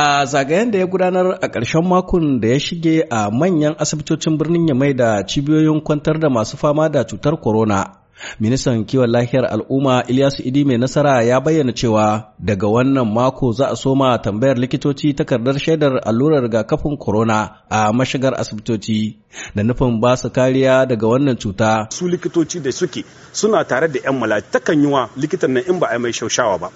A zagayen da ya gudanar a ƙarshen makon da ya shige a manyan asibitocin birnin Yamai da cibiyoyin kwantar da masu fama da cutar corona. Ministan kiwon lafiyar al'umma Ilyasu Idi mai nasara ya bayyana cewa daga wannan mako za a soma tambayar likitoci takardar shaidar allurar rigakafin corona a mashigar asibitoci da nufin ba su kariya daga wannan cuta. Su likitoci da suke suna tare da 'yan mala takan yi wa likitan nan in ba a mai shaushawa ba.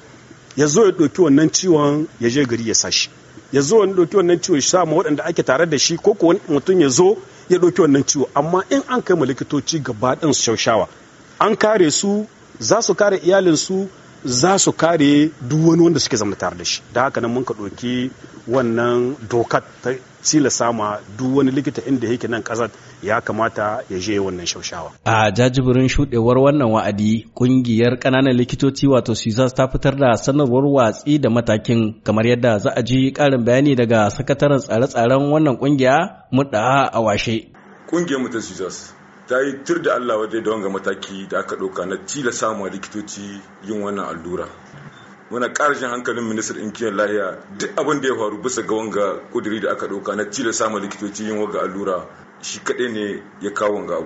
ya zo ya ɗauki wannan ciwon ya je gari ya sashi ya zo wani ɗauki wannan ciwo ya samu waɗanda ake tare da shi ko wani mutum ya zo ya ɗauki wannan ciwo amma in an kai ma likitoci gaba ɗin su shaushawa an kare su za su kare iyalinsu za su kare duk wani wanda suke zama tare da shi da haka nan mun ka ɗauki wannan dokar ta tilasa ma duk wani likita inda yake nan ƙasar ya kamata ya je wannan shaushawa. A jajibirin shuɗewar wannan wa'adi ƙungiyar ƙananan likitoci wato CISAS ta fitar da sanarwar watsi da matakin kamar yadda za a ji ƙarin bayani daga sakataren tsare-tsaren wannan ƙungiya, muɗa a washe. Ƙungiyar mu ta CISAS ta yi tur da Allah waje da wanga mataki da aka ɗauka na tilasa ma likitoci yin wannan allura. muna karshen hankalin ministan in kiyon lahiya duk abin da ya faru bisa ga wanga ƙudiri da aka ɗauka na tilasa ma likitoci yin waga allura shi kaɗai ne ya kawo ga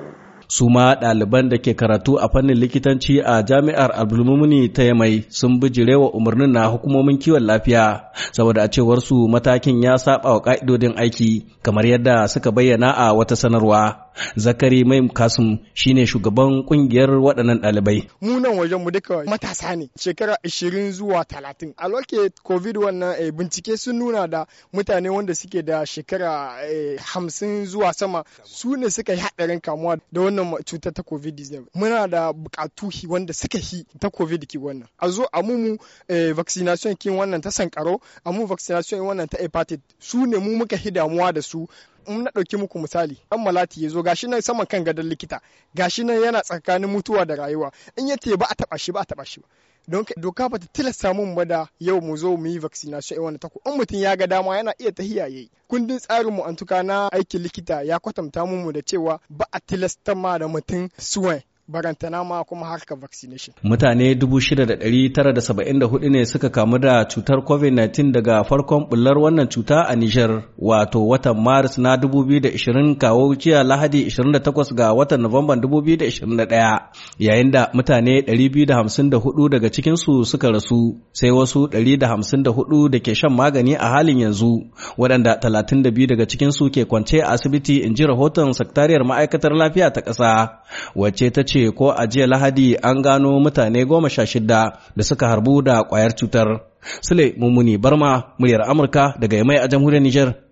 su ma ɗaliban da ke karatu a fannin likitanci a jami'ar abdulmumuni ta yamai sun bijirewa umarnin na hukumomin kiwon lafiya saboda a cewar su matakin ya saba wa ka'idodin aiki kamar yadda suka bayyana a wata sanarwa zakari mai kasum shine shugaban kungiyar waɗannan ɗalibai mu nan wajen mu duka matasa ne shekara 20 zuwa 30 a loke covid wannan eh, bincike sun nuna da mutane wanda suke da shekara 50 eh, zuwa sama su ne suka yi haɗarin kamuwa da wannan cutar ta covid-19 muna da buƙatu wanda suka yi ta covid ki wannan a zo a mu eh, vaccination kin wannan ta sankaro a mu vaccination wannan ta hepatitis su ne mu muka yi damuwa da su in na ɗauki muku misali ɗan malati ya zo gashi nan saman kan gadon likita gashi nan yana tsakanin mutuwa da rayuwa in ya ce ba a taɓa shi ba a taɓa shi ba don doka ba ta tilasta mun ba da yau mu zo mu yi vaccination wani tako in mutum ya ga dama yana iya ta yayi kundin tsarin mu tuka na aikin likita ya kwatanta mu da cewa ba a tilasta ma da mutum suwan barantana ma kuma harka vaccination. Mutane 6,974 ne suka kamu da cutar COVID-19 daga farkon bullar wannan cuta a Nijar, wato watan Maris na 2020 kawo jiya Lahadi 28 ga watan Nuwamban 2021, yayin da mutane 254 daga cikinsu suka rasu, sai wasu 154 da ke shan magani a halin yanzu, waɗanda 32 daga cikinsu ke kwance a asibiti in ji rahoton sakatariyar ma'aikatar lafiya ta ƙasa, wacce ta ce ce ko a jiya lahadi an gano mutane goma sha shida da suka harbu da kwayar cutar. Sule Mummuni Barma, muryar Amurka daga Yamai a jamhuriyar Nijar.